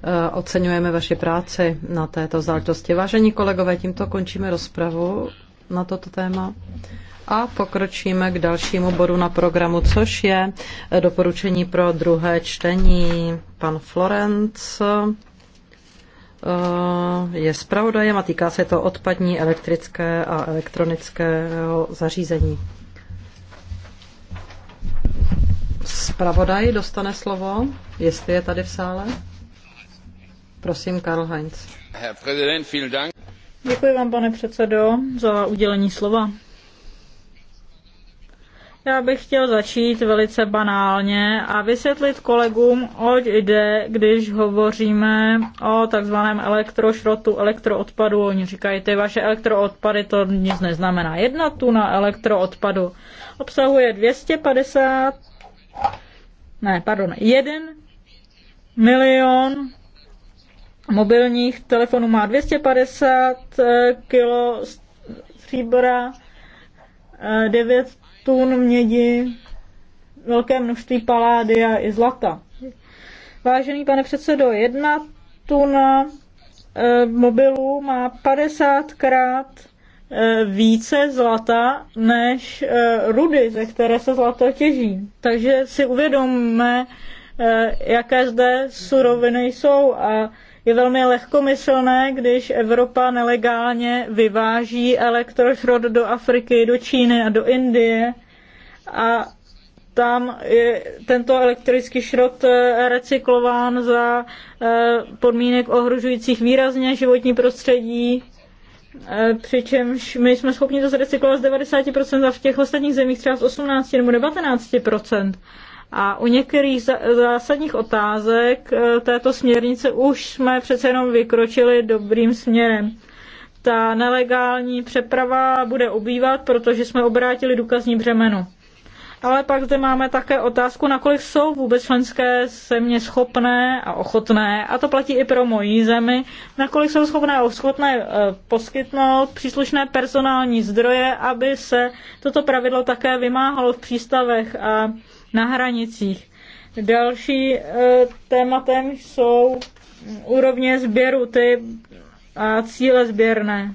Eh, oceňujeme vaši práci na této záležitosti. Vážení kolegové, tímto končíme rozpravu na toto téma a pokročíme k dalšímu bodu na programu, což je eh, doporučení pro druhé čtení. Pan Florenc eh, je zpravodajem a týká se to odpadní elektrické a elektronického zařízení. Zpravodaj dostane slovo, jestli je tady v sále. Prosím, Karl Heinz. Děkuji vám, pane předsedo, za udělení slova. Já bych chtěl začít velice banálně a vysvětlit kolegům, oč jde, když hovoříme o takzvaném elektrošrotu, elektroodpadu. Oni říkají, ty vaše elektroodpady, to nic neznamená. Jedna tuna elektroodpadu obsahuje 250, ne, pardon, 1 milion mobilních telefonů má 250 eh, kg stříbra, 9 eh, tun mědi, velké množství paládia i zlata. Vážený pane předsedo, jedna tuna eh, mobilů má 50krát více zlata než rudy, ze které se zlato těží. Takže si uvědomme, jaké zde suroviny jsou a je velmi lehkomyslné, když Evropa nelegálně vyváží elektrošrot do Afriky, do Číny a do Indie a tam je tento elektrický šrot eh, recyklován za eh, podmínek ohrožujících výrazně životní prostředí, eh, přičemž my jsme schopni to zrecyklovat z 90% a v těch ostatních zemích třeba z 18 nebo 19%. A u některých zásadních otázek eh, této směrnice už jsme přece jenom vykročili dobrým směrem. Ta nelegální přeprava bude obývat, protože jsme obrátili důkazní břemeno. Ale pak zde máme také otázku, nakolik jsou vůbec členské země schopné a ochotné, a to platí i pro moji zemi, nakolik jsou schopné a ochotné eh, poskytnout příslušné personální zdroje, aby se toto pravidlo také vymáhalo v přístavech a na hranicích. Další e, tématem jsou úrovně sběru, ty a cíle sběrné.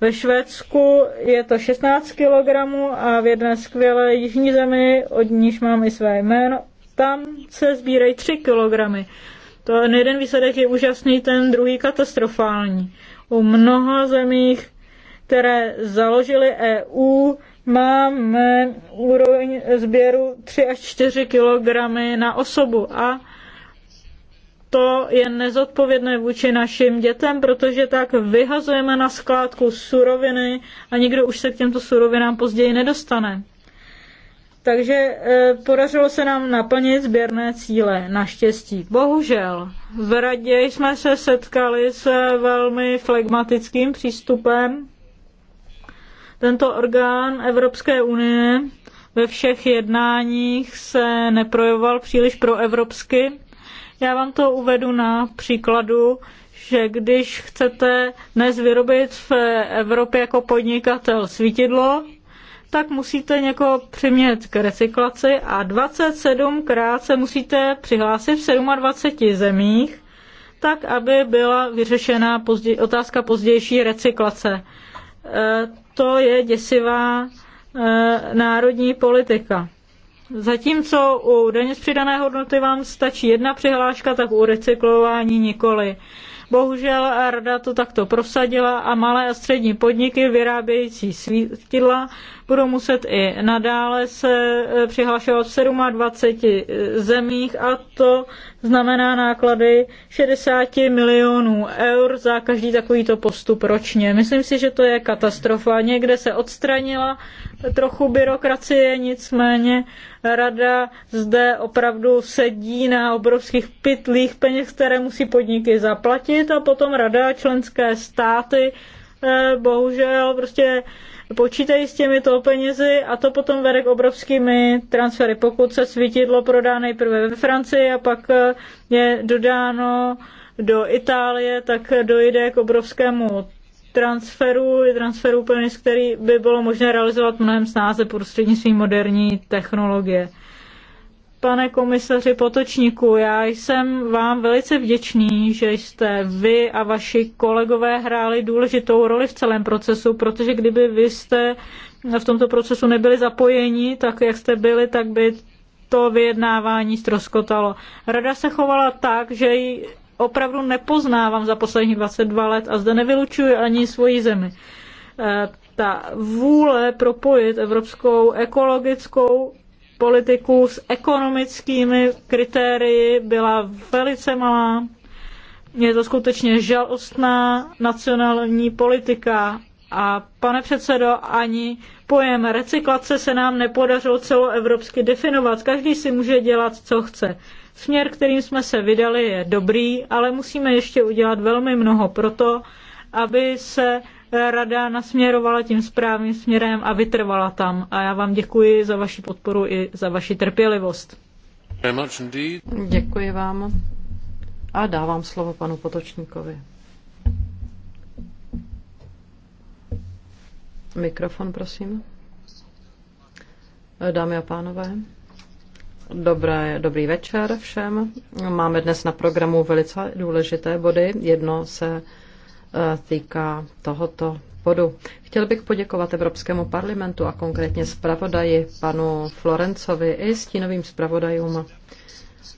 Ve Švédsku je to 16 kg a v jedné skvělé jižní zemi, od níž mám i své jméno, tam se sbírají 3 kg. To jeden výsledek je úžasný, ten druhý katastrofální. U mnoha zemích, které založily EU, máme úroveň sběru 3 až 4 kg na osobu a to je nezodpovědné vůči našim dětem, protože tak vyhazujeme na skládku suroviny a nikdo už se k těmto surovinám později nedostane. Takže eh, podařilo se nám naplnit sběrné cíle, naštěstí. Bohužel, v radě jsme se setkali s eh, velmi flegmatickým přístupem tento orgán Evropské unie ve všech jednáních se neprojevoval příliš proevropsky. Já vám to uvedu na příkladu, že když chcete dnes vyrobit v Evropě jako podnikatel svítidlo, tak musíte někoho přimět k recyklaci a 27krát se musíte přihlásit v 27 zemích, tak aby byla vyřešena pozdě- otázka pozdější recyklace. Eh, to je děsivá eh, národní politika. Zatímco u daně z přidané hodnoty vám stačí jedna přihláška, tak u recyklování nikoli. Bohužel rada to takto prosadila a malé a střední podniky vyrábějící svítidla budou muset i nadále se eh, přihlašovat v 27 eh, zemích a to znamená náklady 60 milionů eur za každý takovýto postup ročně. Myslím si, že to je katastrofa. Někde se odstranila trochu byrokracie, nicméně rada zde opravdu sedí na obrovských pytlích peněz, které musí podniky zaplatit a potom rada členské státy eh, bohužel prostě počítají s těmito penězi a to potom vede k obrovskými transfery. Pokud se svítidlo prodá nejprve ve Francii a pak eh, je dodáno do Itálie, tak dojde k obrovskému transferů, transferů peněz, který by bylo možné realizovat mnohem snáze prostřednictvím moderní technologie. Pane komisaři Potočníku, já jsem vám velice vděčný, že jste vy a vaši kolegové hráli důležitou roli v celém procesu, protože kdyby vy jste v tomto procesu nebyli zapojeni, tak jak jste byli, tak by to vyjednávání stroskotalo. Rada se chovala tak, že opravdu nepoznávám za posledních 22 let a zde nevylučuji ani svoji zemi. E, ta vůle propojit evropskou ekologickou politiku s ekonomickými kritérii byla velice malá. Je to skutečně žalostná nacionální politika a pane předsedo, ani pojem recyklace se nám nepodařilo celoevropsky definovat. Každý si může dělat, co chce. Směr, kterým jsme se vydali, je dobrý, ale musíme ještě udělat velmi mnoho proto, aby se rada nasměrovala tím správným směrem a vytrvala tam. A já vám děkuji za vaši podporu i za vaši trpělivost. Děkuji vám. A dávám slovo panu Potočníkovi. Mikrofon, prosím. Dámy a pánové. Dobré, dobrý večer všem. Máme dnes na programu velice důležité body. Jedno se e, týká tohoto bodu. Chtěl bych poděkovat Evropskému parlamentu a konkrétně zpravodaji panu Florencovi i stínovým zpravodajům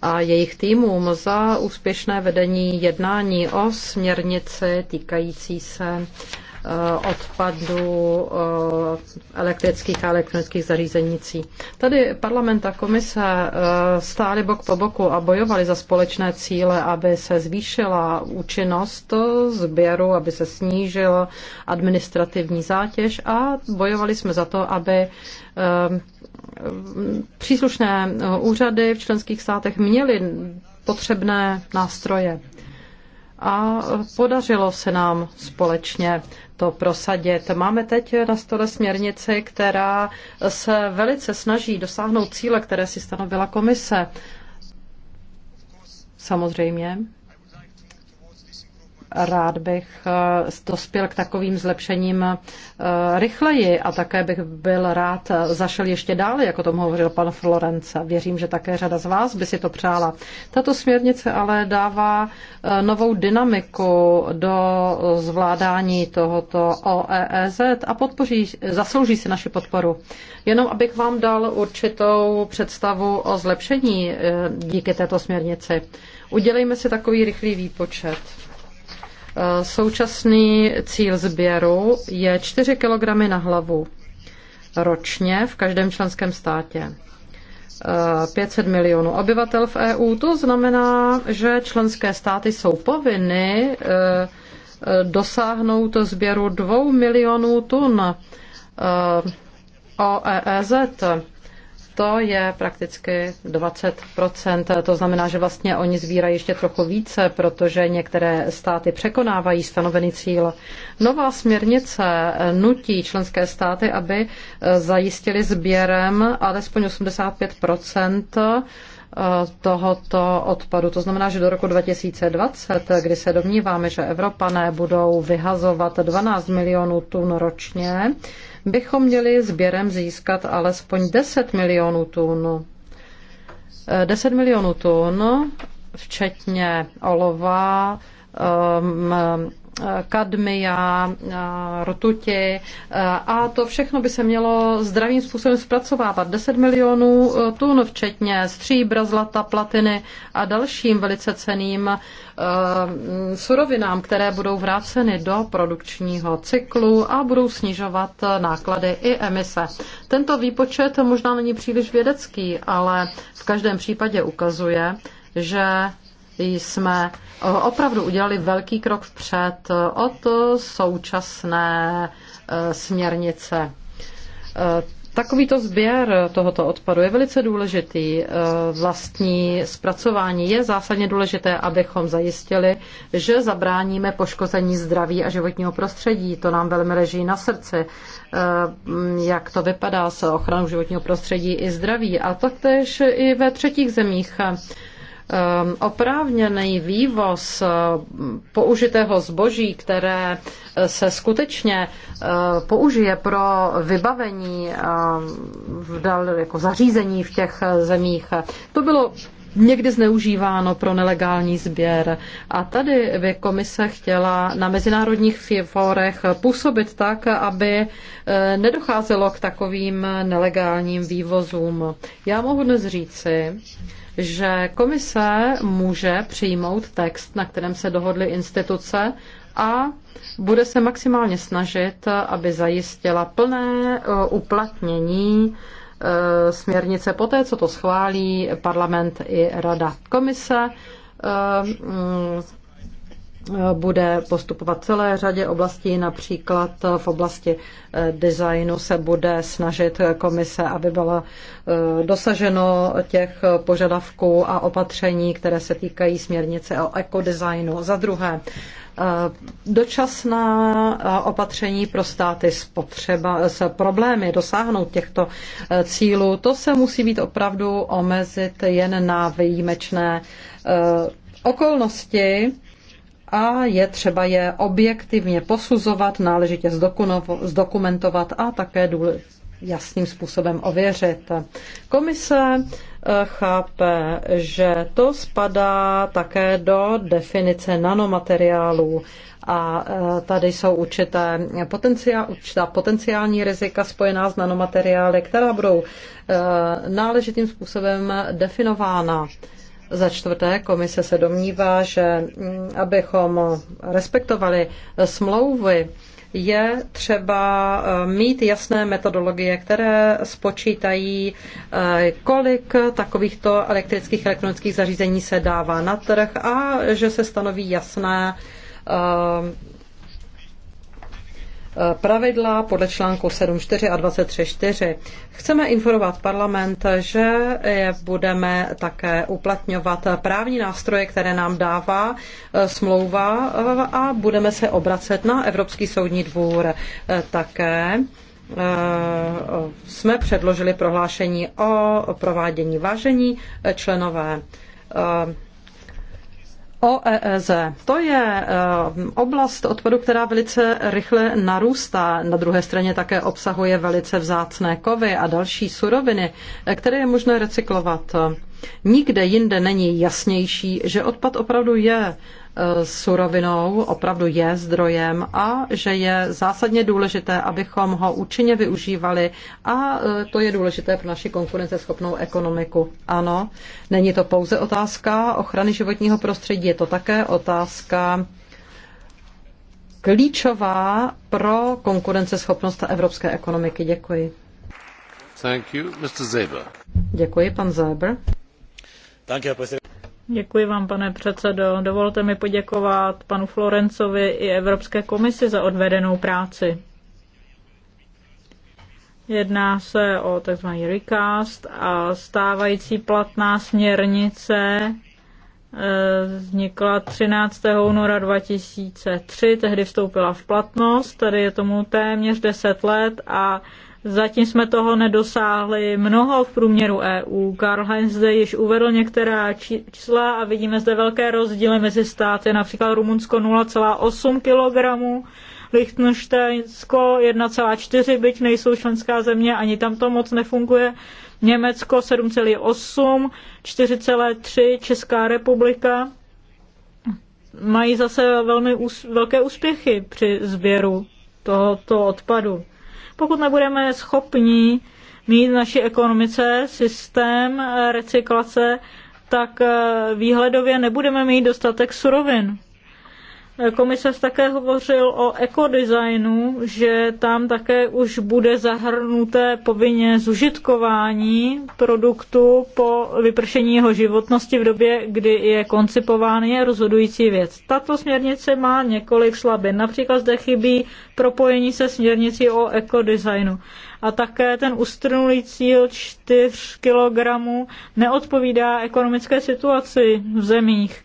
a jejich týmům za úspěšné vedení jednání o směrnici týkající se Eh, odpadu eh, elektrických a elektronických zařízenící. Tady parlament a komise eh, stály bok po boku a bojovali za společné cíle, aby se zvýšila účinnost sběru, aby se snížila administrativní zátěž a bojovali jsme za to, aby příslušné úřady v členských státech měly potřebné nástroje a podařilo se nám společně to prosadit. Máme teď na stole směrnici, která se velice snaží dosáhnout cíle, které si stanovila komise. Samozřejmě. Rád bych eh, dospěl k takovým zlepšením eh, rychleji a také bych byl rád eh, zašel ještě dále, jako tomu hovořil pan Florence. Věřím, že také řada z vás by si to přála. Tato směrnice ale dává novou dynamiku do zvládání tohoto OEZ e a podpoří, zaslouží si naši podporu. Jenom abych vám dal určitou představu o zlepšení díky této směrnici. Udělejme si takový rychlý výpočet. Současný cíl sběru je 4 kg na hlavu ročně v každém členském státě. 500 eh, milionů obyvatel v EU. To znamená, že členské státy jsou povinny eh, dosáhnout sběru 2 milionů tun eh, OEZ e to je prakticky 20%. To znamená, že vlastně oni zvírají ještě trochu více, protože některé státy překonávají stanovený cíl. Nová směrnice nutí členské státy, aby eh, zajistili sběrem alespoň 85% eh, tohoto odpadu. To znamená, že do roku 2020, kdy se domníváme, že Evropané budou vyhazovat 12 milionů tun ročně, bychom měli sběrem získat alespoň 10 milionů tun. 10 eh, milionů tun, včetně olova, um, kadmia, rtuti a to všechno by se mělo zdravým způsobem zpracovávat. 10 milionů e, tun, včetně stříbra, zlata, platiny a dalším velice ceným e, surovinám, které budou vráceny do produkčního cyklu a budou snižovat náklady i emise. Tento výpočet možná není příliš vědecký, ale v každém případě ukazuje, že jsme opravdu udělali velký krok vpřed od současné e, směrnice. E, takovýto sběr tohoto odpadu je velice důležitý. E, vlastní zpracování je zásadně důležité, abychom zajistili, že zabráníme poškození zdraví a životního prostředí. To nám velmi leží na srdci, jak to vypadá s ochranou životního prostředí i zdraví. A taktéž i ve třetích zemích Ehm, oprávněný vývoz eh, použitého zboží, které eh, se skutečně eh, použije pro vybavení ehm, v dal, jako zařízení v těch zemích, to bylo někdy zneužíváno pro nelegální sběr. A tady by komise chtěla na mezinárodních fórech působit tak, aby e, nedocházelo k takovým nelegálním vývozům. Já mohu dnes říci, že komise může přijmout text, na kterém se dohodly instituce a bude se maximálně snažit, aby zajistila plné e, uplatnění Eh, směrnice poté, co to schválí parlament i rada komise eh, mm, bude postupovat celé řadě oblastí, například v oblasti eh, designu se bude snažit komise, aby bylo dosaženo těch požadavků a opatření, které se týkají směrnice o ekodesignu. Za druhé, Eh, dočasná eh, opatření pro státy s, potřeba, s problémy dosáhnout těchto eh, cílů, to se musí být opravdu omezit jen na výjimečné okolnosti a je třeba je objektivně posuzovat, náležitě zdokumentovat a také jasným způsobem ověřit. Komise chápe, že to spadá také do definice nanomateriálů a e, tady jsou určité potenciál, určitá potenciální rizika spojená s nanomateriály, která budou e, náležitým způsobem definována. Za čtvrté, komise se domnívá, že abychom respektovali smlouvy, je třeba eh, mít jasné metodologie, které spočítají, eh, kolik takovýchto elektrických elektronických zařízení se dává na trh a že se stanoví jasné eh, pravidla podle článku 7.4 a 23.4. Chceme informovat parlament, že budeme také uplatňovat právní nástroje, které nám dává eh, smlouva eh, a budeme se obracet na Evropský soudní dvůr eh, také jsme předložili prohlášení o provádění vážení členové OEZ, e to je eh, oblast odpadu, která velice rychle narůstá. Na druhé straně také obsahuje velice vzácné kovy a další suroviny, eh, které je možné recyklovat. Nikde jinde není jasnější, že odpad opravdu je Eh, surovinou, opravdu je zdrojem a že je zásadně důležité, abychom ho účinně využívali a eh, to je důležité pro naši konkurenceschopnou ekonomiku. Ano, není to pouze otázka ochrany životního prostředí, je to také otázka klíčová pro konkurenceschopnost evropské ekonomiky. Děkuji. Thank you, Mr. Zeber. Děkuji, pan Zeber. Thank you, Děkuji vám, pane předsedo. Dovolte mi poděkovat panu Florencovi i Evropské komisi za odvedenou práci. Jedná se o tzv. recast a stávající platná směrnice eh, vznikla 13. února 2003, tehdy vstoupila v platnost, tady je tomu téměř 10 let a Zatím jsme toho nedosáhli mnoho v průměru EU. Karl Heinz zde již uvedl některá čísla a vidíme zde velké rozdíly mezi státy, například Rumunsko 0,8 kg, Lichtensteinsko 1,4, byť nejsou členská země, ani tam to moc nefunguje. Německo 7,8, 4,3 Česká republika. Mají zase velmi ús- velké úspěchy při sběru tohoto odpadu. Pokud nebudeme schopni mít v naší ekonomice systém recyklace, tak eh, výhledově nebudeme mít dostatek surovin. Komisař také hovořil o ekodesignu, že tam také už bude zahrnuté povinně zužitkování produktu po vypršení jeho životnosti v době, kdy je koncipován, je rozhodující věc. Tato směrnice má několik slabin. Například zde chybí propojení se směrnicí o ekodesignu. A také ten ustrnulý cíl 4 kg neodpovídá ekonomické situaci v zemích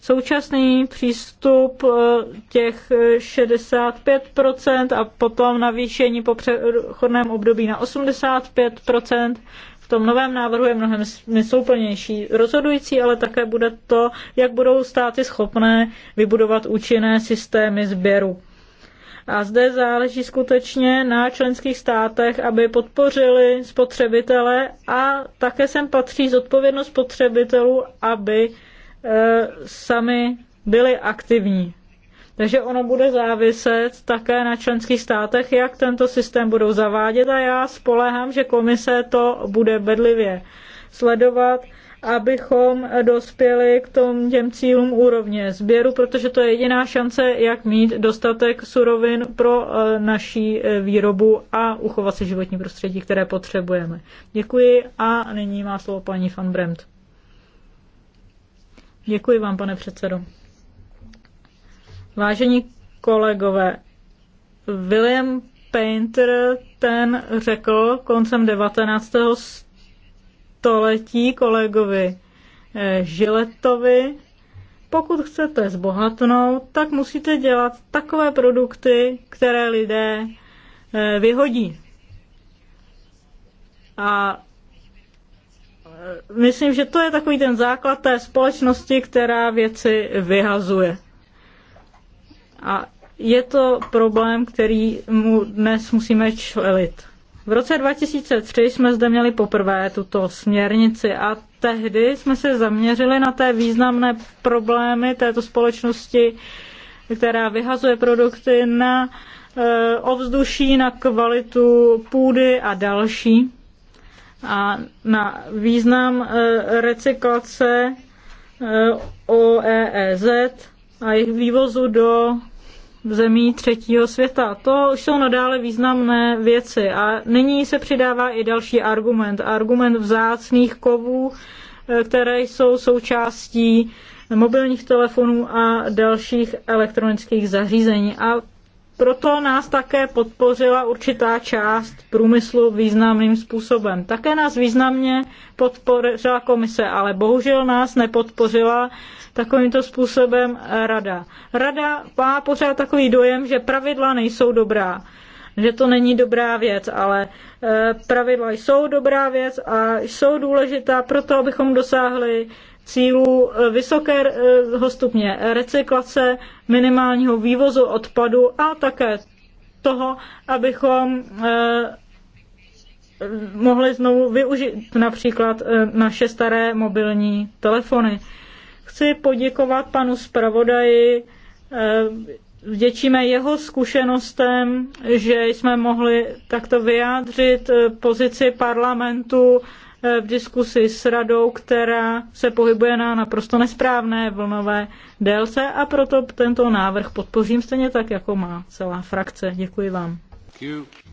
Současný přístup eh, těch 65% eh, a potom navýšení po přechodném období na 85% v tom novém návrhu je mnohem smysluplnější. Rozhodující ale také bude to, jak budou státy schopné vybudovat účinné systémy sběru. A zde záleží skutečně na členských státech, aby podpořili spotřebitele a také sem patří zodpovědnost spotřebitelů, aby E, sami byli aktivní. Takže ono bude záviset také na členských státech, jak tento systém budou zavádět a já spolehám, že komise to bude bedlivě sledovat, abychom dospěli k tom, těm cílům úrovně sběru, protože to je jediná šance, jak mít dostatek surovin pro e, naší e, výrobu a uchovat si životní prostředí, které potřebujeme. Děkuji a nyní má slovo paní van Bremt. Děkuji vám, pane předsedo. Vážení kolegové, William Painter ten řekl koncem 19. století kolegovi Žiletovi, eh, pokud chcete zbohatnout, tak musíte dělat takové produkty, které lidé eh, vyhodí. A myslím, že to je takový ten základ té společnosti, která věci vyhazuje. A je to problém, který mu dnes musíme čelit. V roce 2003 jsme zde měli poprvé tuto směrnici a tehdy jsme se zaměřili na té významné problémy této společnosti, která vyhazuje produkty na eh, ovzduší, na kvalitu půdy a další a na význam e, recyklace e, OEZ e a jejich vývozu do zemí třetího světa. To jsou nadále významné věci a nyní se přidává i další argument. Argument vzácných kovů, které jsou součástí mobilních telefonů a dalších elektronických zařízení. A proto nás také podpořila určitá část průmyslu významným způsobem. Také nás významně podpořila komise, ale bohužel nás nepodpořila takovýmto způsobem rada. Rada má pořád takový dojem, že pravidla nejsou dobrá, že to není dobrá věc, ale eh, pravidla jsou dobrá věc a jsou důležitá proto, abychom dosáhli cílů eh, vysokého eh, stupně recyklace, minimálního vývozu odpadu a také toho, abychom eh, mohli znovu využít například naše staré mobilní telefony. Chci poděkovat panu zpravodaji, vděčíme jeho zkušenostem, že jsme mohli takto vyjádřit pozici parlamentu v diskusi s radou, která se pohybuje na naprosto nesprávné vlnové délce a proto tento návrh podpořím stejně tak, jako má celá frakce. Děkuji vám.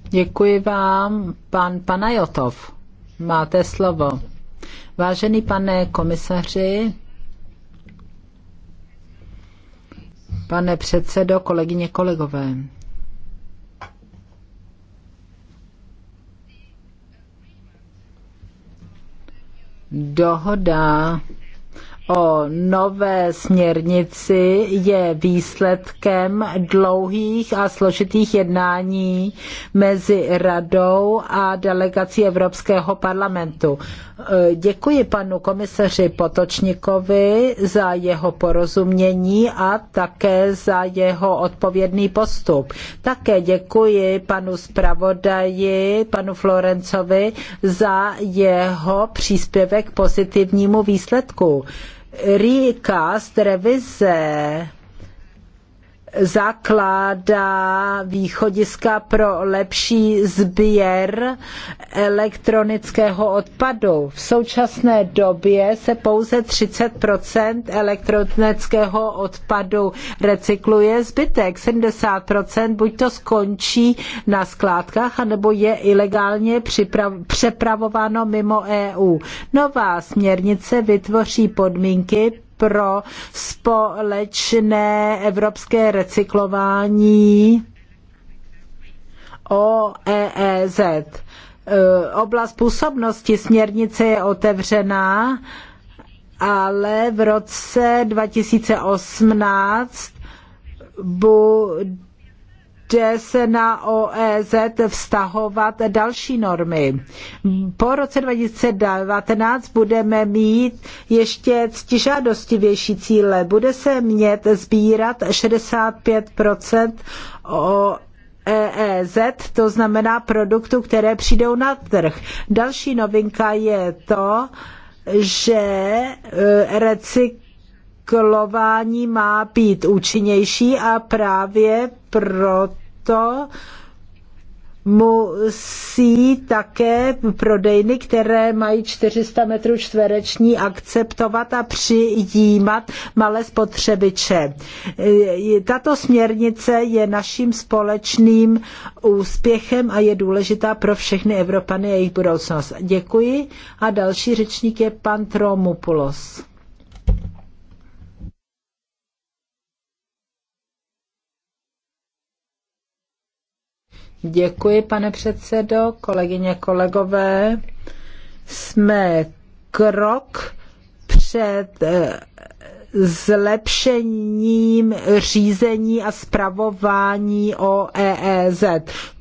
Děkuji vám, pan Panajotov. Máte slovo. Vážený pane komisaři, pane předsedo, kolegyně, kolegové. dohoda o nové směrnici je výsledkem dlouhých a složitých jednání mezi radou a delegací Evropského parlamentu. E, děkuji panu komisaři Potočníkovi za jeho porozumění a také za jeho odpovědný postup. Také děkuji panu zpravodaji, panu Florencovi, za jeho příspěvek k pozitivnímu výsledku recast, revize zakládá východiska pro lepší sběr elektronického odpadu. V současné době se pouze 30 elektronického odpadu recykluje, zbytek 70 buď to skončí na skládkách, anebo je ilegálně přepravováno mimo EU. Nová směrnice vytvoří podmínky pro společné evropské recyklování OEEZ. E, oblast působnosti směrnice je otevřená, ale v roce 2018 bude bude se na OEZ vztahovat další normy. Po roce 2019 budeme mít ještě ctižádostivější cíle. Bude se mět sbírat 65 o EEZ, to znamená produktů, které přijdou na trh. Další novinka je to, že eh, recyk recyklování má být účinnější a právě proto musí také prodejny, které mají 400 metrů čtvereční, akceptovat a přijímat malé spotřebiče. Tato směrnice je naším společným úspěchem a je důležitá pro všechny Evropany a jejich budoucnost. Děkuji a další řečník je pan Tromopoulos. Děkuji, pane předsedo, kolegyně, kolegové. Jsme krok před eh, zlepšením řízení a zpravování o EEZ.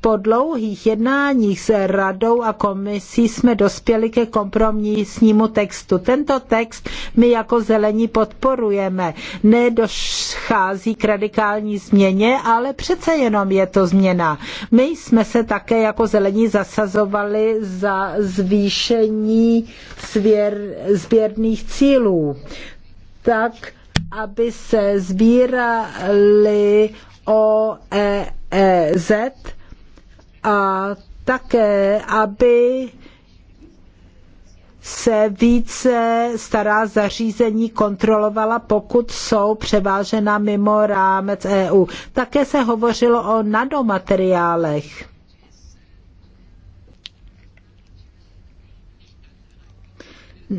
Po dlouhých jednáních s radou a komisí jsme dospěli ke kompromisnímu textu. Tento text my jako zelení podporujeme. Nedochází k radikální změně, ale přece jenom je to změna. My jsme se také jako zelení zasazovali za zvýšení svěr, sběrných cílů tak, aby se sbírali OEZ e a také, aby se více stará zařízení kontrolovala, pokud jsou převážena mimo rámec EU. Také se hovořilo o nanomateriálech.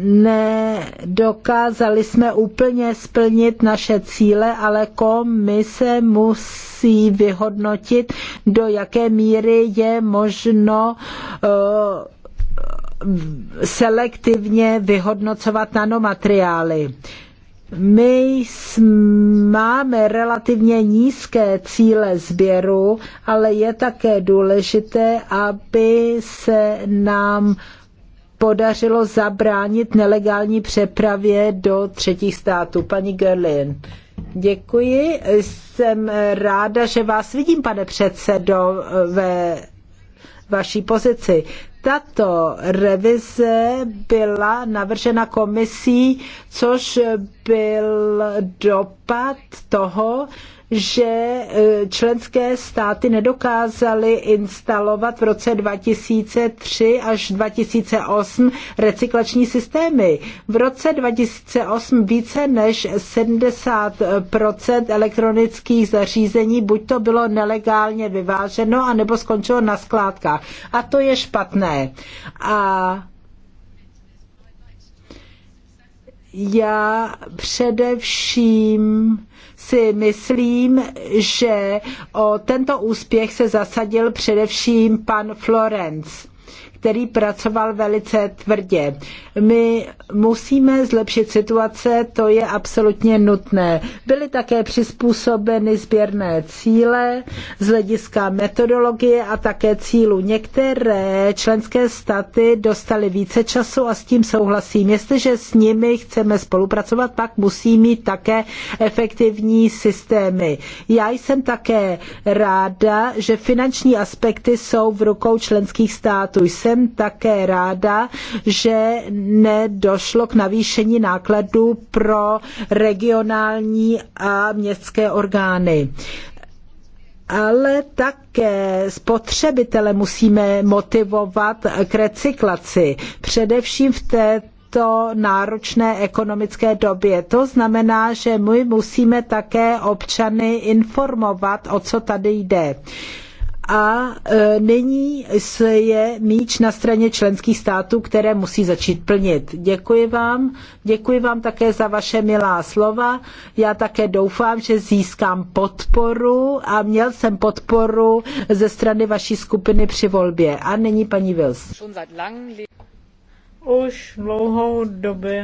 nedokázali jsme úplně splnit naše cíle, ale komise musí vyhodnotit, do jaké míry je možno eh, selektivně vyhodnocovat nanomateriály. My máme relativně nízké cíle sběru, ale je také důležité, aby se nám podařilo zabránit nelegální přepravě do třetích států. Paní Gerlin. Děkuji. Jsem ráda, že vás vidím, pane předsedo, ve vaší pozici. Tato revize byla navržena komisí, což byl dopad toho, že eh, členské státy nedokázaly instalovat v roce 2003 až 2008 recyklační systémy. V roce 2008 více než 70 elektronických zařízení buď to bylo nelegálně vyváženo, anebo skončilo na skládkách. A to je špatné. A já především si myslím, že o tento úspěch se zasadil především pan Florence který pracoval velice tvrdě. My musíme zlepšit situace, to je absolutně nutné. Byly také přizpůsobeny sběrné cíle z hlediska metodologie a také cílu. Některé členské státy dostaly více času a s tím souhlasím. Jestliže s nimi chceme spolupracovat, pak musí mít také efektivní finanční systémy. Já jsem také ráda, že finanční aspekty jsou v rukou členských států. Jsem také ráda, že nedošlo k navýšení nákladů pro regionální a městské orgány ale také spotřebitele musíme motivovat k recyklaci, především v této této náročné ekonomické době. To znamená, že my musíme také občany informovat, o co tady jde a e, nyní je míč na straně členských států, které musí začít plnit. Děkuji vám, děkuji vám také za vaše milá slova. Já také doufám, že získám podporu a měl jsem podporu ze strany vaší skupiny při volbě. A nyní paní Wils. Už dlouhou doby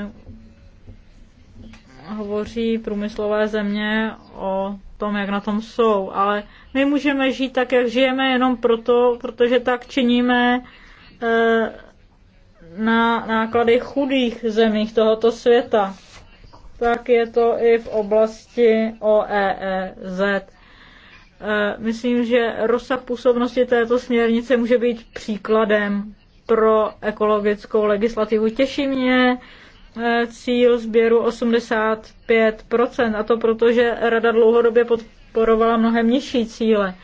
hovoří průmyslové země o tom, jak na tom jsou, ale my můžeme žít tak, jak žijeme, jenom proto, protože tak činíme eh, na náklady chudých zemích tohoto světa. Tak je to i v oblasti OEEZ. Eh, myslím, že rozsah působnosti této směrnice může být příkladem pro ekologickou legislativu. Těší mě eh, cíl sběru 85%, a to proto, že Rada dlouhodobě podporovala mnohem nižší cíle.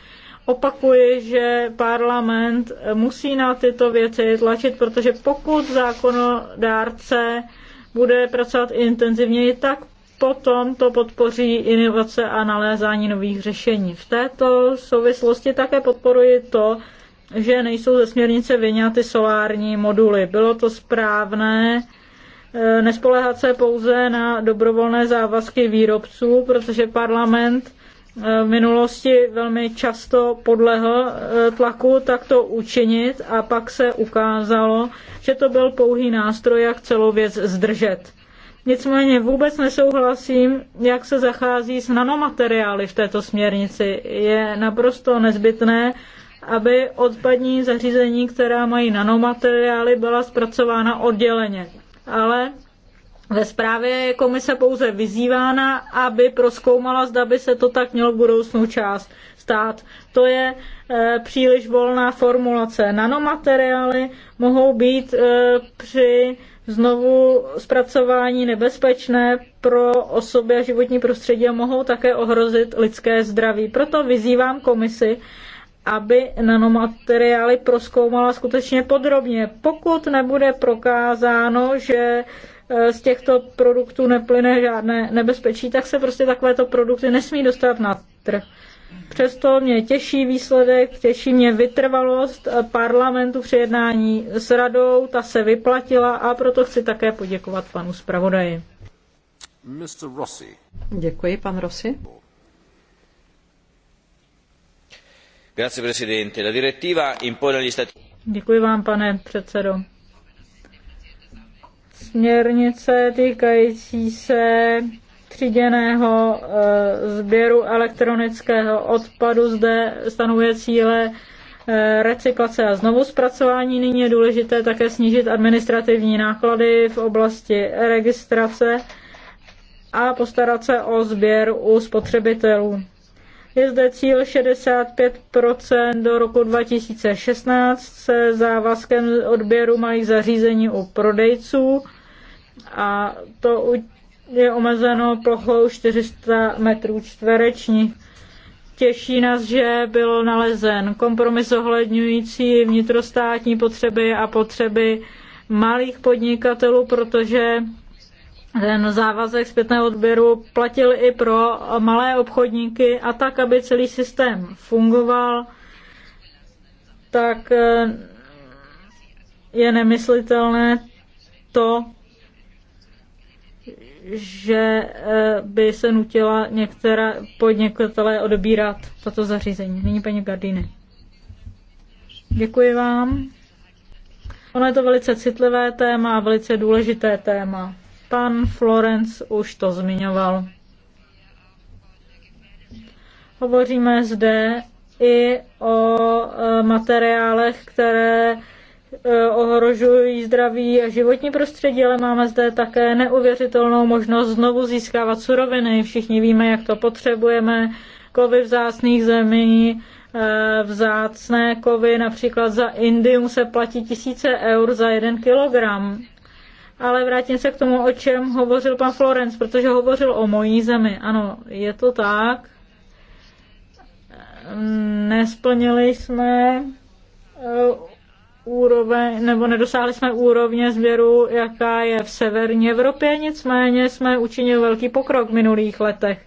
Opakuji, že parlament musí na tyto věci tlačit, protože pokud zákonodárce bude pracovat intenzivněji, tak potom to podpoří inovace a nalézání nových řešení. V této souvislosti také podporuji to, že nejsou ze směrnice vyňaty solární moduly. Bylo to správné e, nespoléhat se pouze na dobrovolné závazky výrobců, protože parlament e, v minulosti velmi často podlehl e, tlaku takto učinit a pak se ukázalo, že to byl pouhý nástroj, jak celou věc zdržet. Nicméně vůbec nesouhlasím, jak se zachází s nanomateriály v této směrnici. Je naprosto nezbytné, aby odpadní zařízení, která mají nanomateriály, byla zpracována odděleně. Ale ve zprávě je komise pouze vyzývána, aby proskoumala, zda by se to tak mělo v budoucnu část stát. To je e, příliš volná formulace. Nanomateriály mohou být e, při znovu zpracování nebezpečné pro osoby a životní prostředí a mohou také ohrozit lidské zdraví. Proto vyzývám komisi, aby nanomateriály proskoumala skutečně podrobně. Pokud nebude prokázáno, že eh, z těchto produktů neplyne žádné nebezpečí, tak se prostě takovéto produkty nesmí dostat na trh. Přesto mě těší výsledek, těší mě vytrvalost eh, parlamentu při jednání s radou, ta se vyplatila a proto chci také poděkovat panu zpravodaji. Děkuji, pan Rossi. vám, pane předsedající Směrnice týkající se tříděného eh, sběru elektronického odpadu zde stanovuje cíle eh, recyklace a znovuzpracování. Nyní je důležité také snížit administrativní náklady v oblasti registrace a postarat se o sběr u spotřebitelů. Je zde cíl 65% do roku 2016 se závazkem odběru malých zařízení u prodejců a to je omezeno plochou 400 metrů čtvereční. Těší nás, že byl nalezen kompromis ohledňující vnitrostátní potřeby a potřeby malých podnikatelů, protože ten závazek zpětného odběru platil i pro malé obchodníky a tak, aby celý systém fungoval, tak eh, je nemyslitelné to, že eh, by se nutila některá podnikatelé odbírat toto zařízení. Nyní paní Gardiny. Děkuji vám. Ono je to velice citlivé téma a velice důležité téma. Pan Florence už to zmiňoval. Hovoříme zde i o e, materiálech, které e, ohrožují zdraví a životní prostředí, ale máme zde také neuvěřitelnou možnost znovu získávat suroviny. Všichni víme, jak to potřebujeme. Kovy vzácných zemí, e, vzácné kovy, například za indium se platí tisíce eur za jeden kilogram ale vrátím se k tomu, o čem hovořil pan Florence, protože hovořil o mojí zemi. Ano, je to tak. Nesplnili jsme eh, úroveň, nebo nedosáhli jsme úrovně sběru, jaká je v severní Evropě, nicméně jsme učinili velký pokrok v minulých letech.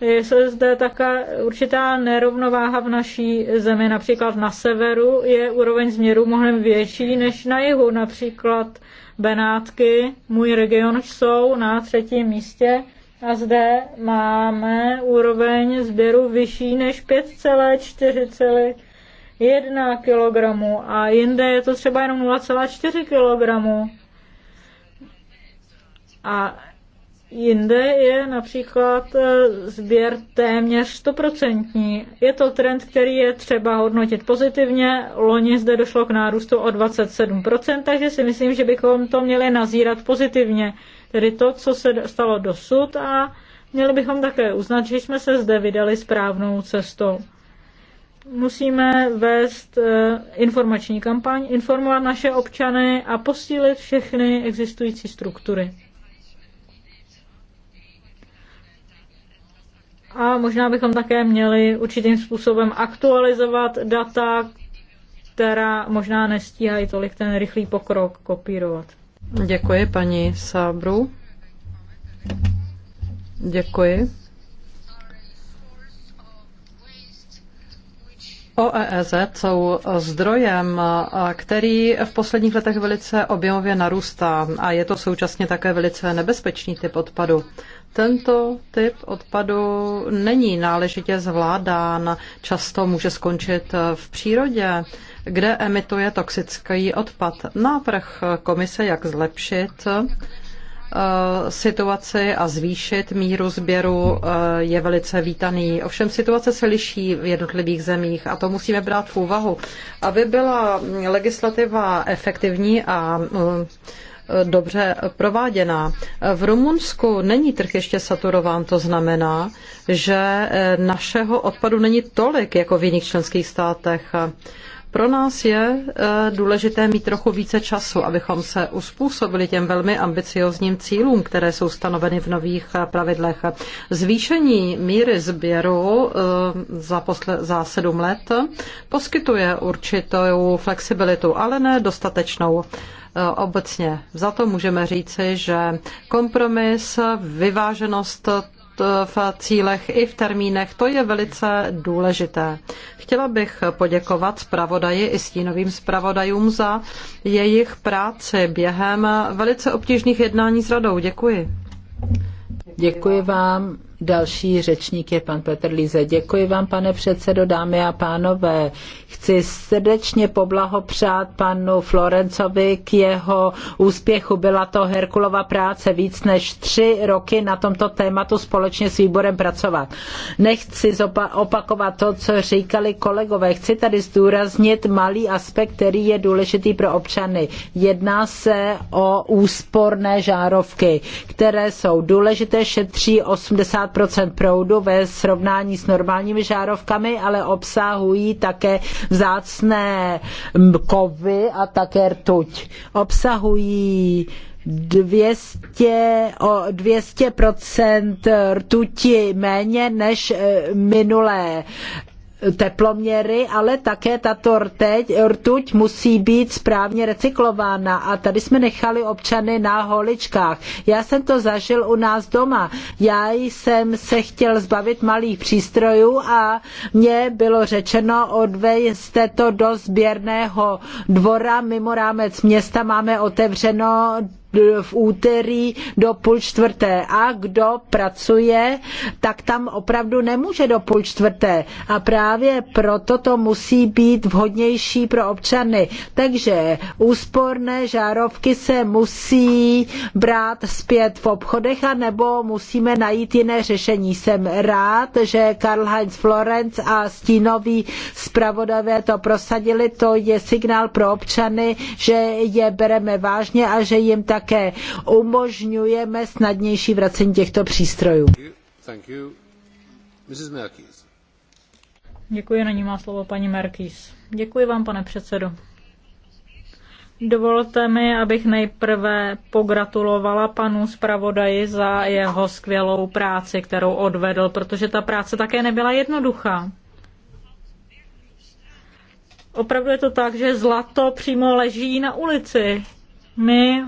Je se zde taká určitá nerovnováha v naší zemi, například na severu je úroveň změru mnohem větší než na jihu, například Benátky, můj region, jsou na třetím místě a zde máme úroveň sběru vyšší než 5,4,1 kg a jinde je to třeba jenom 0,4 kg. A Jinde je například e, sběr téměř stoprocentní. Je to trend, který je třeba hodnotit pozitivně. Loni zde došlo k nárůstu o 27%, takže si myslím, že bychom to měli nazírat pozitivně. Tedy to, co se stalo dosud a měli bychom také uznat, že jsme se zde vydali správnou cestou. Musíme vést e, informační kampaň, informovat naše občany a posílit všechny existující struktury. A možná bychom také měli určitým způsobem aktualizovat data, která možná nestíhají tolik ten rychlý pokrok kopírovat. Děkuji paní Sábru. Děkuji. OEZ e jsou zdrojem, který v posledních letech velice objemově narůstá a je to současně také velice nebezpečný typ odpadu. Tento typ odpadu není náležitě zvládán, často může skončit v přírodě, kde emituje toxický odpad. Návrh komise, jak zlepšit eh, situaci a zvýšit míru sběru eh, je velice vítaný. Ovšem situace se liší v jednotlivých zemích a to musíme brát v úvahu. Aby byla legislativa efektivní a eh, Eh, dobře prováděná. V Rumunsku není trh ještě saturován, to znamená, že eh, našeho odpadu není tolik jako v jiných členských státech. Pro nás je eh, důležité mít trochu více času, abychom se uspůsobili těm velmi ambiciozním cílům, které jsou stanoveny v nových eh, pravidlech. Zvýšení míry sběru eh, za, posle, za sedm let poskytuje určitou flexibilitu, ale ne dostatečnou obecně. Za to můžeme říci, že kompromis, vyváženost v cílech i v termínech. To je velice důležité. Chtěla bych poděkovat zpravodaji i stínovým zpravodajům za jejich práci během velice obtížných jednání s radou. Děkuji. Děkuji vám. Další řečník je pan Petr Líze. Děkuji vám, pane předsedo, dámy a pánové. Chci srdečně poblahopřát panu Florencovi k jeho úspěchu. Byla to Herkulova práce víc než tři roky na tomto tématu společně s výborem pracovat. Nechci opakovat to, co říkali kolegové. Chci tady zdůraznit malý aspekt, který je důležitý pro občany. Jedná se o úsporné žárovky, které jsou důležité, šetří 80 proudu ve srovnání s normálními žárovkami, ale obsahují také vzácné kovy a také rtuť. Obsahují 200, o 200% rtuti méně než eh, minulé teploměry, ale také tato rteď, rtuť musí být správně recyklována a tady jsme nechali občany na holičkách. Já jsem to zažil u nás doma. Já jsem se chtěl zbavit malých přístrojů a mně bylo řečeno, odvejte to do sběrného dvora mimo rámec města, máme otevřeno v úterý do půl čtvrté. A kdo pracuje, tak tam opravdu nemůže do půl čtvrté. A právě proto to musí být vhodnější pro občany. Takže úsporné žárovky se musí brát zpět v obchodech a nebo musíme najít jiné řešení. Jsem rád, že Karl Heinz Florenz a stínoví zpravodavé to prosadili. To je signál pro občany, že je bereme vážně a že jim tak také umožňujeme snadnější vracení těchto přístrojů. Thank you. Thank you. Děkuji, na ní má slovo paní Merkis. Děkuji vám, pane předsedo. Dovolte mi, abych nejprve pogratulovala panu zpravodaji za jeho skvělou práci, kterou odvedl, protože ta práce také nebyla jednoduchá. Opravdu je to tak, že zlato přímo leží na ulici. My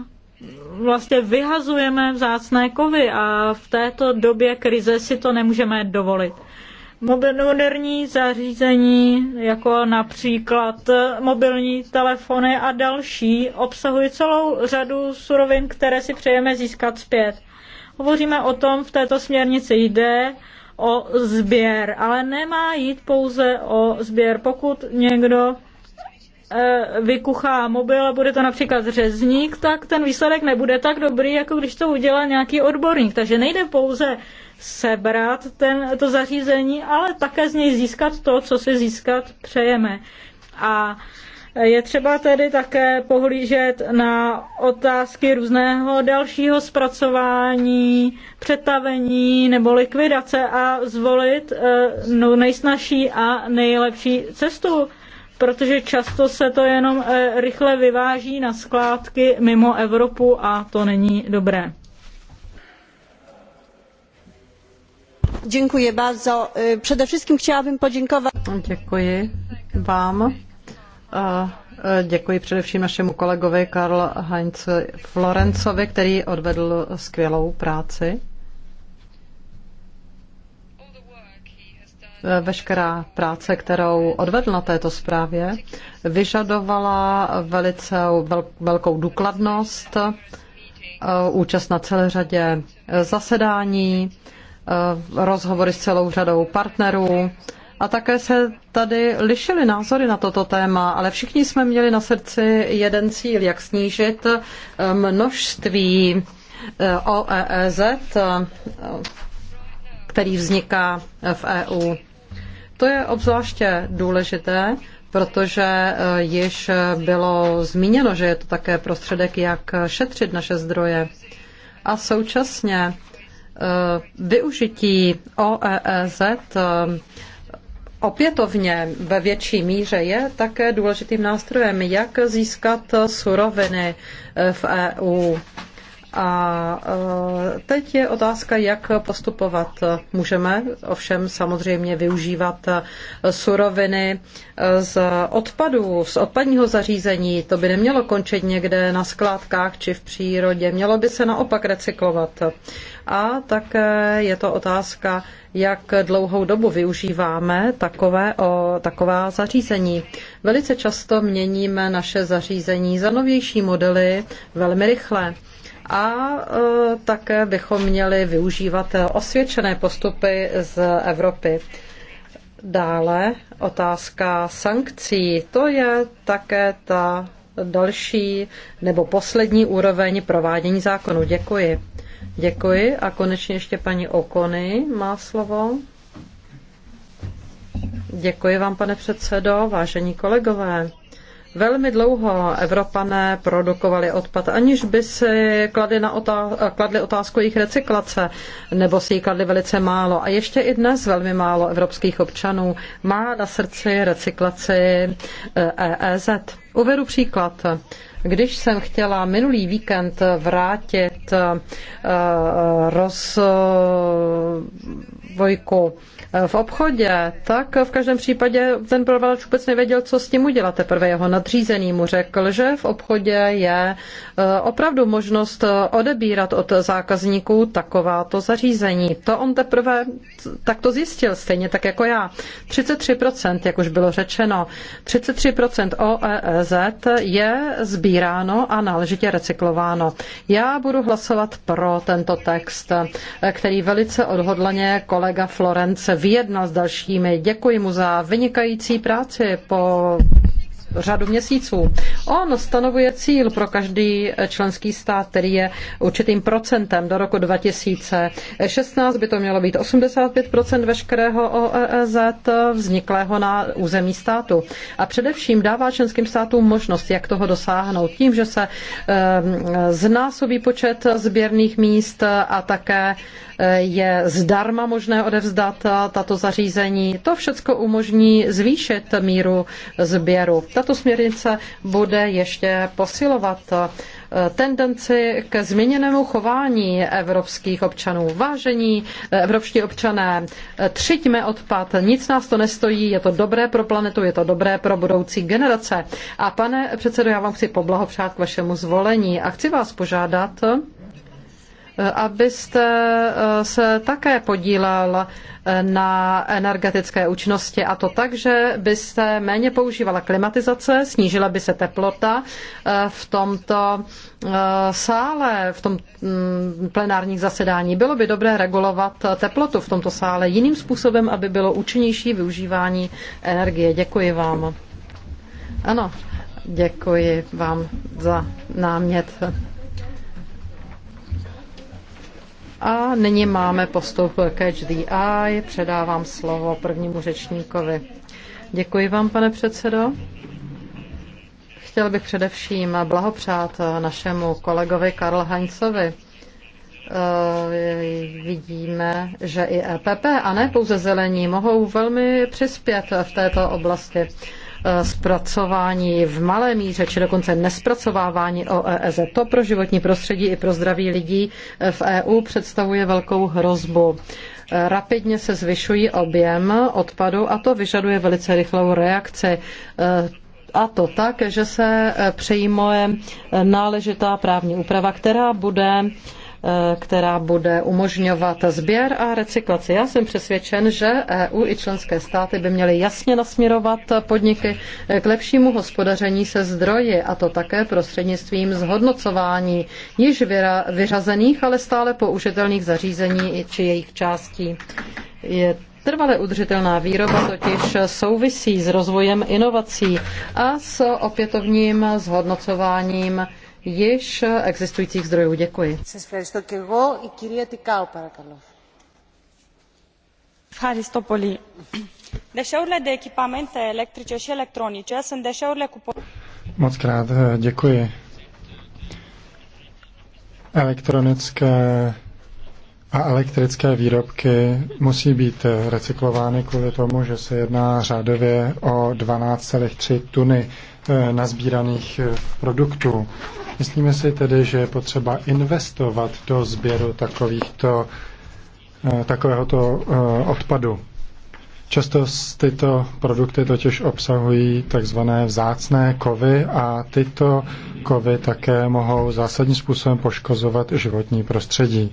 vlastně vyhazujeme vzácné kovy a v této době krize si to nemůžeme dovolit. Moderní zařízení, jako například mobilní telefony a další, obsahují celou řadu surovin, které si přejeme získat zpět. Hovoříme o tom, v této směrnici jde o sběr, ale nemá jít pouze o sběr. Pokud někdo Eh, vykuchá mobil a bude to například řezník, tak ten výsledek nebude tak dobrý, jako když to udělá nějaký odborník. Takže nejde pouze sebrat ten, to zařízení, ale také z něj získat to, co si získat přejeme. A je třeba tedy také pohlížet na otázky různého dalšího zpracování, přetavení nebo likvidace a zvolit eh, no, nejsnažší a nejlepší cestu protože často se to jenom eh, rychle vyváží na skládky mimo Evropu a to není dobré. Děkuji bardzo. Przede wszystkim chciałabym podziękować. Děkuji vám. Děkuji především našemu kolegovi Karl Heinz Florencovi, který odvedl skvělou práci. Veškerá práce, kterou odvedl na této zprávě, vyžadovala velice velkou důkladnost, eh, účast na celé řadě eh, zasedání, eh, rozhovory s celou řadou partnerů. A také se tady lišily názory na toto téma, ale všichni jsme měli na srdci jeden cíl, jak snížit množství OEZ, e který vzniká v EU. To je obzvláště důležité, protože eh, již bylo zmíněno, že je to také prostředek, jak šetřit naše zdroje. A současně eh, využití OEZ e eh, opětovně ve větší míře je také důležitým nástrojem, jak získat suroviny v EU. A e, teď je otázka, jak postupovat. Můžeme ovšem samozřejmě využívat suroviny z odpadů, z odpadního zařízení. To by nemělo končit někde na skládkách či v přírodě. Mělo by se naopak recyklovat. A také je to otázka, jak dlouhou dobu využíváme takové, o, taková zařízení. Velice často měníme naše zařízení za novější modely velmi rychle a e, také bychom měli využívat osvědčené postupy z Evropy. Dále otázka sankcí. To je také ta další nebo poslední úroveň provádění zákonu. Děkuji. Děkuji a konečně ještě paní Okony má slovo. Děkuji vám, pane předsedo, vážení kolegové. Velmi dlouho Evropané produkovali odpad, aniž by si kladli, na otá- kladli otázku jejich recyklace, nebo si ji kladli velice málo. A ještě i dnes velmi málo evropských občanů má na srdci recyklaci EEZ. Eh, e Uvedu příklad. Když jsem chtěla minulý víkend vrátit eh, eh, roz dvojku v obchodě, tak v každém případě ten prodavač vůbec nevěděl, co s tím udělat. Teprve jeho nadřízený mu řekl, že v obchodě je eh, opravdu možnost eh, odebírat od zákazníků takováto zařízení. To on teprve tak to zjistil, stejně tak jako já. 33%, jak už bylo řečeno, 33% OEZ e je sbíráno a náležitě recyklováno. Já budu hlasovat pro tento text, eh, který velice odhodlaně kolem kolega Florence vyjednal s dalšími. Děkuji mu za vynikající práci po řadu měsíců. On stanovuje cíl pro každý členský stát, který je určitým procentem do roku 2016. By to mělo být 85% veškerého OEZ e vzniklého na území státu. A především dává členským státům možnost, jak toho dosáhnout. Tím, že se eh, znásobí počet sběrných míst a také je zdarma možné odevzdat tato zařízení. To všechno umožní zvýšit míru sběru. Tato směrnice bude ještě posilovat tendenci ke změněnému chování evropských občanů. Vážení evropští občané, třiďme odpad, nic nás to nestojí, je to dobré pro planetu, je to dobré pro budoucí generace. A pane předsedo, já vám chci poblahopřát k vašemu zvolení a chci vás požádat, Eh, abyste eh, se také podílel eh, na energetické účinnosti a to tak, že byste méně používala klimatizace, snížila by se teplota v tomto sále, v tom mm, plenárních zasedání. Bylo by dobré regulovat teplotu v tomto sále jiným způsobem, aby bylo účinnější využívání energie. Děkuji vám. Ano, děkuji vám za námět. A nyní máme postup Catch the Eye. Předávám slovo prvnímu řečníkovi. Děkuji vám, pane předsedo. Chtěl bych především blahopřát našemu kolegovi Karl Heinzovi. Eh, vidíme, že i EPP, a ne pouze zelení, mohou velmi přispět v této oblasti. Eh, zpracování v malé míře, či dokonce nespracovávání OEZ. To pro životní prostředí i pro zdraví lidí eh, v EU představuje velkou hrozbu. Eh, rapidně se zvyšují objem odpadu a to vyžaduje velice rychlou reakci a to tak, že se přijme náležitá právní úprava, která bude Eh, která bude umožňovat sběr a recyklaci. Já jsem přesvědčen, že EU i členské státy by měly jasně nasměrovat podniky k lepšímu hospodaření se zdroji a to také prostřednictvím zhodnocování již vyřazených, ale stále použitelných zařízení či jejich částí. Je Trvale udržitelná výroba totiž souvisí s rozvojem inovací a s opětovním zhodnocováním již existujících zdrojů. Děkuji. Moc krát eh, děkuji. Elektronické a elektrické výrobky musí být eh, recyklovány kvůli tomu, že se jedná řádově o 12,3 tuny Eh, nazbíraných eh, produktů. Myslíme si tedy, že je potřeba investovat do sběru takovýchto, eh, takovéhoto odpadu. Často tyto produkty totiž obsahují takzvané vzácné kovy a tyto kovy také mohou zásadním způsobem poškozovat životní prostředí.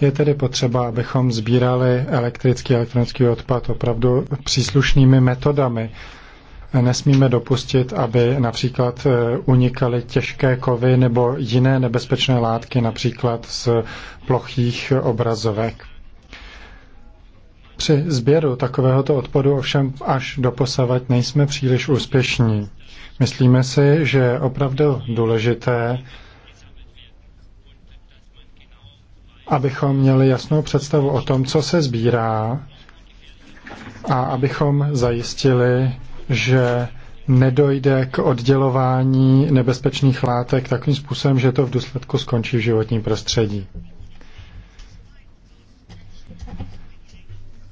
Je tedy potřeba, abychom sbírali elektrický a elektronický odpad opravdu příslušnými metodami, Nesmíme dopustit, aby například eh, unikaly těžké kovy nebo jiné nebezpečné látky, například z plochých obrazovek. Při sběru takovéhoto odpadu ovšem až doposavat nejsme příliš úspěšní. Myslíme si, že je opravdu důležité, abychom měli jasnou představu o tom, co se sbírá a abychom zajistili že nedojde k oddělování nebezpečných látek takovým způsobem, že to v důsledku skončí v životním prostředí.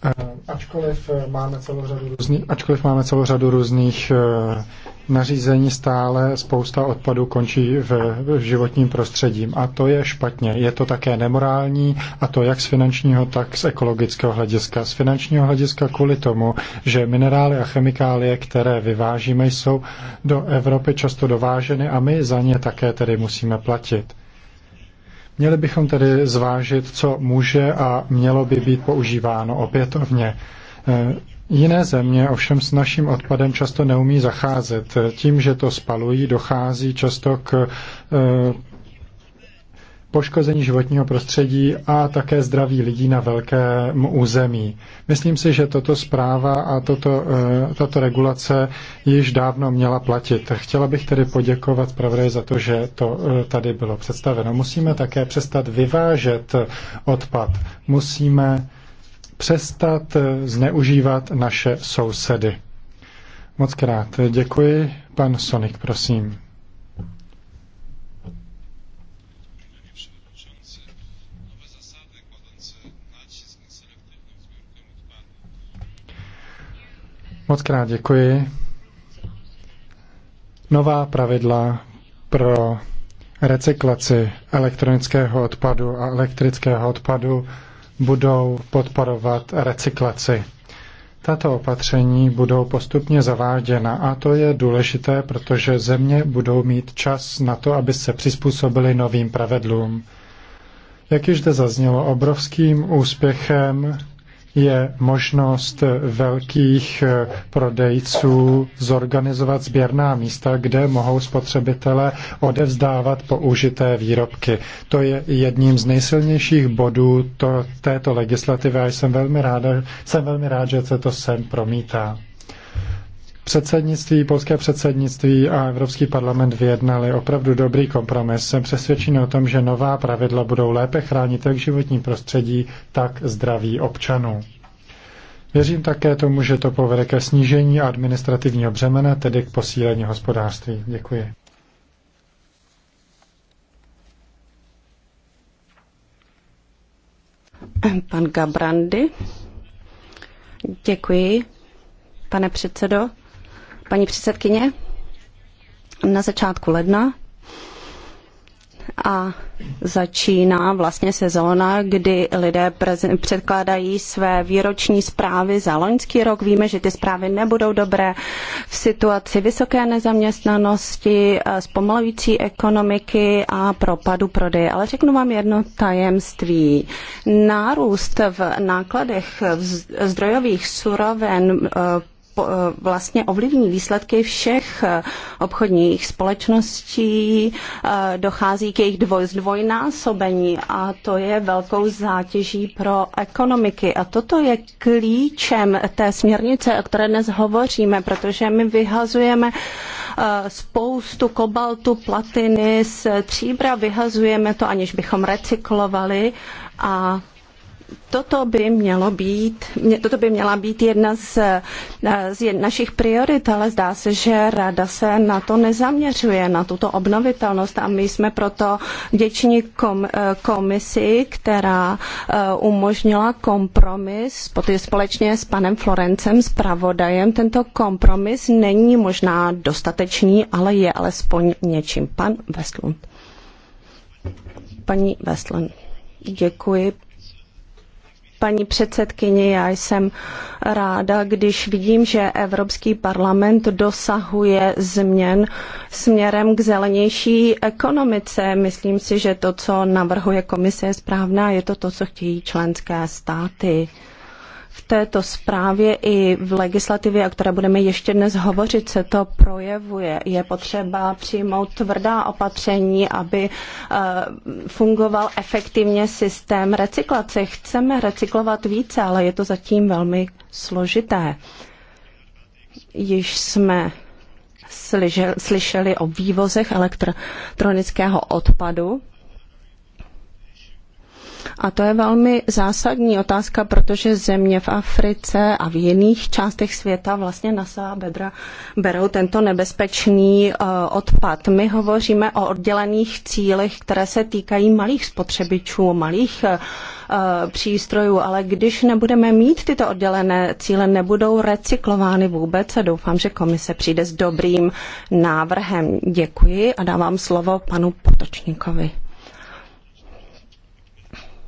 Eh, ačkoliv máme celou řadu různých, ačkoliv máme celou řadu různých eh, nařízení stále spousta odpadů končí v, v životním prostředím a to je špatně. Je to také nemorální a to jak z finančního, tak z ekologického hlediska. Z finančního hlediska kvůli tomu, že minerály a chemikálie, které vyvážíme, jsou do Evropy často dováženy a my za ně také tedy musíme platit. Měli bychom tedy zvážit, co může a mělo by být používáno opětovně Jiné země ovšem s naším odpadem často neumí zacházet. Tím, že to spalují, dochází často k eh, poškození životního prostředí a také zdraví lidí na velkém území. Myslím si, že toto zpráva a toto, eh, tato regulace již dávno měla platit. Chtěla bych tedy poděkovat zpravodaji za to, že to eh, tady bylo představeno. Musíme také přestat vyvážet odpad. Musíme přestat eh, zneužívat naše sousedy. Moc krát děkuji. Pan Sonik, prosím. Moc krát děkuji. Nová pravidla pro recyklaci elektronického odpadu a elektrického odpadu budou podporovat recyklaci. Tato opatření budou postupně zaváděna a to je důležité, protože země budou mít čas na to, aby se přizpůsobili novým pravidlům. Jak již zde zaznělo, obrovským úspěchem je možnost velkých eh, prodejců zorganizovat sběrná místa, kde mohou spotřebitelé odevzdávat použité výrobky. To je jedním z nejsilnějších bodů to, této legislativy a jsem velmi, ráda, jsem velmi rád, že se to sem promítá předsednictví, polské předsednictví a Evropský parlament vyjednali opravdu dobrý kompromis. Jsem přesvědčen o tom, že nová pravidla budou lépe chránit jak životní prostředí, tak zdraví občanů. Věřím také tomu, že to povede ke snížení administrativního břemene, tedy k posílení hospodářství. Děkuji. Pan Gabrandy. Děkuji, pane předsedo. Paní předsedkyně, na začátku ledna a začíná vlastně sezóna, kdy lidé předkládají své výroční zprávy za loňský rok. Víme, že ty zprávy nebudou dobré v situaci vysoké nezaměstnanosti, eh, zpomalující ekonomiky a propadu prodeje. Ale řeknu vám jedno tajemství. Nárůst v nákladech zdrojových suroven eh, Eh, vlastně ovlivní výsledky všech eh, obchodních společností, eh, dochází k jejich zdvojnásobení a to je velkou zátěží pro ekonomiky. A toto je klíčem té směrnice, o které dnes hovoříme, protože my vyhazujeme spoustu kobaltu, platiny z tříbra, vyhazujeme to, aniž bychom recyklovali a toto by mělo být, toto by měla být jedna z, z našich priorit, ale zdá se, že rada se na to nezaměřuje, na tuto obnovitelnost a my jsme proto vděční kom, komisi, která eh, umožnila kompromis společně s panem Florencem, zpravodajem. Tento kompromis není možná dostatečný, ale je alespoň něčím. Pan Westlund. Paní Westlund. Děkuji, paní předsedkyně, já jsem ráda, když vidím, že Evropský parlament dosahuje změn směrem k zelenější ekonomice. Myslím si, že to, co navrhuje komise, je správné a je to to, co chtějí členské státy v této zprávě i v legislativě, o které budeme ještě dnes hovořit, se to projevuje. Je potřeba přijmout tvrdá opatření, aby eh, fungoval efektivně systém recyklace. Chceme recyklovat více, ale je to zatím velmi složité. Již jsme slyšeli o vývozech elektronického odpadu a to je velmi zásadní otázka, protože země v Africe a v jiných částech světa vlastně na svá bedra berou tento nebezpečný eh, odpad. My hovoříme o oddělených cílech, které se týkají malých spotřebičů, malých eh, eh, přístrojů, ale když nebudeme mít tyto oddělené cíle, nebudou recyklovány vůbec a doufám, že komise přijde s dobrým návrhem. Děkuji a dávám slovo panu Potočníkovi.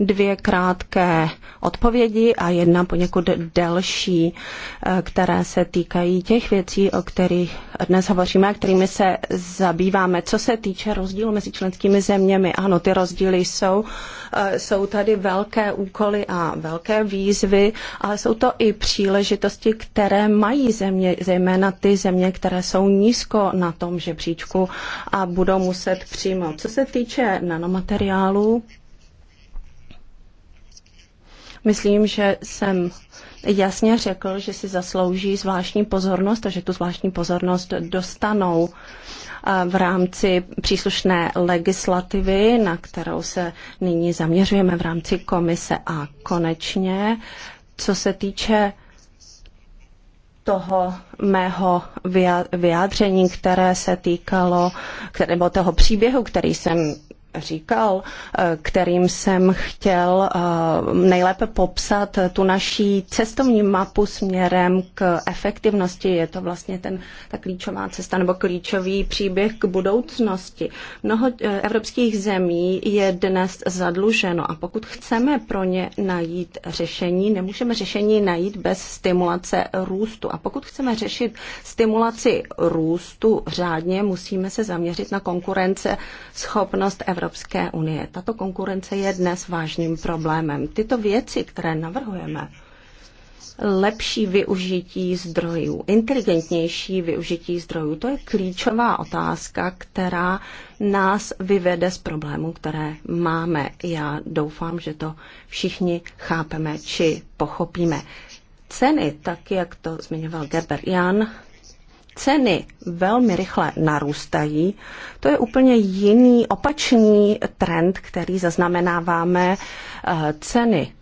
dvě krátké odpovědi a jedna poněkud delší, eh, které se týkají těch věcí, o kterých dnes hovoříme a kterými se zabýváme. Co se týče rozdílu mezi členskými zeměmi, ano, ty rozdíly jsou. Eh, jsou tady velké úkoly a velké výzvy, ale jsou to i příležitosti, které mají země, zejména ty země, které jsou nízko na tom žebříčku a budou muset přijmout. Co se týče nanomateriálu? Myslím, že jsem jasně řekl, že si zaslouží zvláštní pozornost a že tu zvláštní pozornost dostanou eh, v rámci příslušné legislativy, na kterou se nyní zaměřujeme v rámci komise. A konečně, co se týče toho mého vyjádření, které se týkalo, nebo toho příběhu, který jsem říkal, eh, kterým jsem chtěl eh, nejlépe popsat tu naší cestovní mapu směrem k efektivnosti. Je to vlastně ten, ta klíčová cesta nebo klíčový příběh k budoucnosti. Mnoho eh, evropských zemí je dnes zadluženo a pokud chceme pro ně najít řešení, nemůžeme řešení najít bez stimulace růstu. A pokud chceme řešit stimulaci růstu řádně, musíme se zaměřit na konkurence schopnost Evropy Evropské unie. Tato konkurence je dnes vážným problémem. Tyto věci, které navrhujeme, lepší využití zdrojů, inteligentnější využití zdrojů. To je klíčová otázka, která nás vyvede z problémů, které máme. Já doufám, že to všichni chápeme či pochopíme. Ceny, tak jak to zmiňoval Geber Jan, ceny velmi rychle narůstají, to je úplně jiný opačný trend, který zaznamenáváme eh, ceny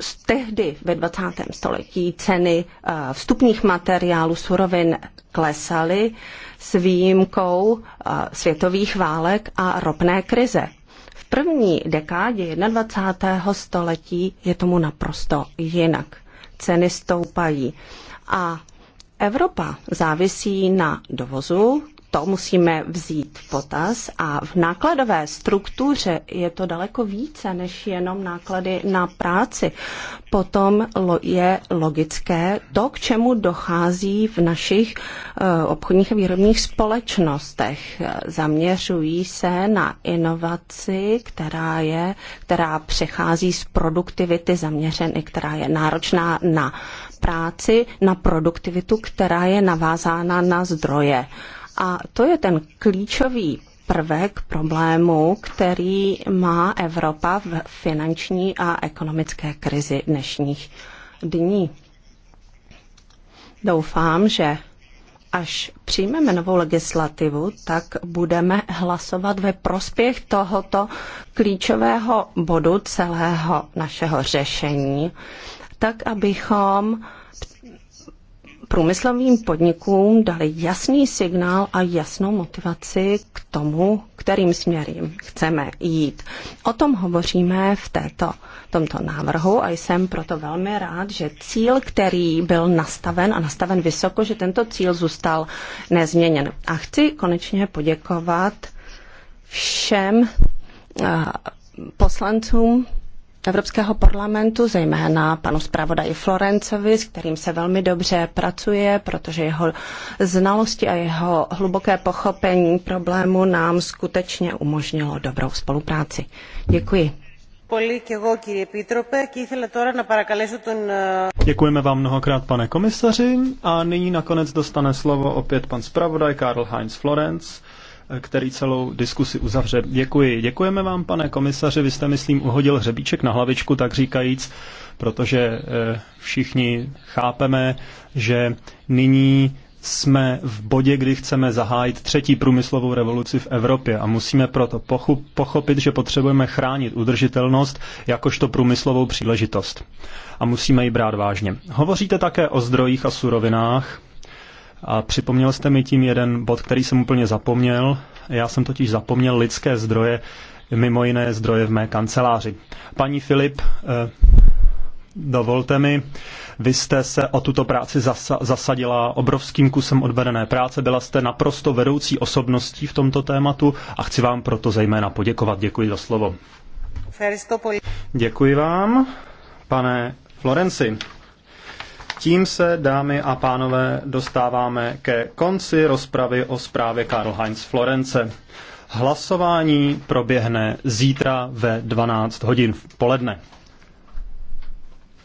z tehdy ve 20. století ceny eh, vstupních materiálů, surovin klesaly s výjimkou eh, světových válek a ropné krize. V první dekádě 21. století je tomu naprosto jinak. Ceny stoupají. A Evropa závisí na dovozu, to musíme vzít v potaz a v nákladové struktuře je to daleko více než jenom náklady na práci. Potom je logické to, k čemu dochází v našich eh, obchodních a výrobních společnostech. Zaměřují se na inovaci, která, je, která přechází z produktivity zaměřen, která je náročná na práci na produktivitu, která je navázána na zdroje. A to je ten klíčový prvek problému, který má Evropa v finanční a ekonomické krizi dnešních dní. Doufám, že až přijmeme novou legislativu, tak budeme hlasovat ve prospěch tohoto klíčového bodu celého našeho řešení tak abychom průmyslovým podnikům dali jasný signál a jasnou motivaci k tomu, kterým směrem chceme jít. O tom hovoříme v této, tomto návrhu a jsem proto velmi rád, že cíl, který byl nastaven a nastaven vysoko, že tento cíl zůstal nezměněn. A chci konečně poděkovat všem eh, poslancům Evropského parlamentu, zejména panu zpravodaji Florencovi, s kterým se velmi dobře pracuje, protože jeho znalosti a jeho hluboké pochopení problému nám skutečně umožnilo dobrou spolupráci. Děkuji. Děkujeme vám mnohokrát, pane komisaři. A nyní nakonec dostane slovo opět pan zpravodaj Karl Heinz Florenc který celou diskusi uzavře. Děkuji. Děkujeme vám, pane komisaři. Vy jste, myslím, uhodil hřebíček na hlavičku, tak říkajíc, protože eh, všichni chápeme, že nyní jsme v bodě, kdy chceme zahájit třetí průmyslovou revoluci v Evropě a musíme proto pochopit, že potřebujeme chránit udržitelnost jakožto průmyslovou příležitost. A musíme ji brát vážně. Hovoříte také o zdrojích a surovinách, a připomněl jste mi tím jeden bod, který jsem úplně zapomněl. Já jsem totiž zapomněl lidské zdroje, mimo jiné zdroje v mé kanceláři. Paní Filip, eh, dovolte mi, vy jste se o tuto práci zasa- zasadila obrovským kusem odvedené práce, byla jste naprosto vedoucí osobností v tomto tématu a chci vám proto zejména poděkovat. Děkuji za slovo. Děkuji vám, pane Florenci. Tím se, dámy a pánové, dostáváme ke konci rozpravy o zprávě Karl Heinz Florence. Hlasování proběhne zítra ve 12 hodin v poledne.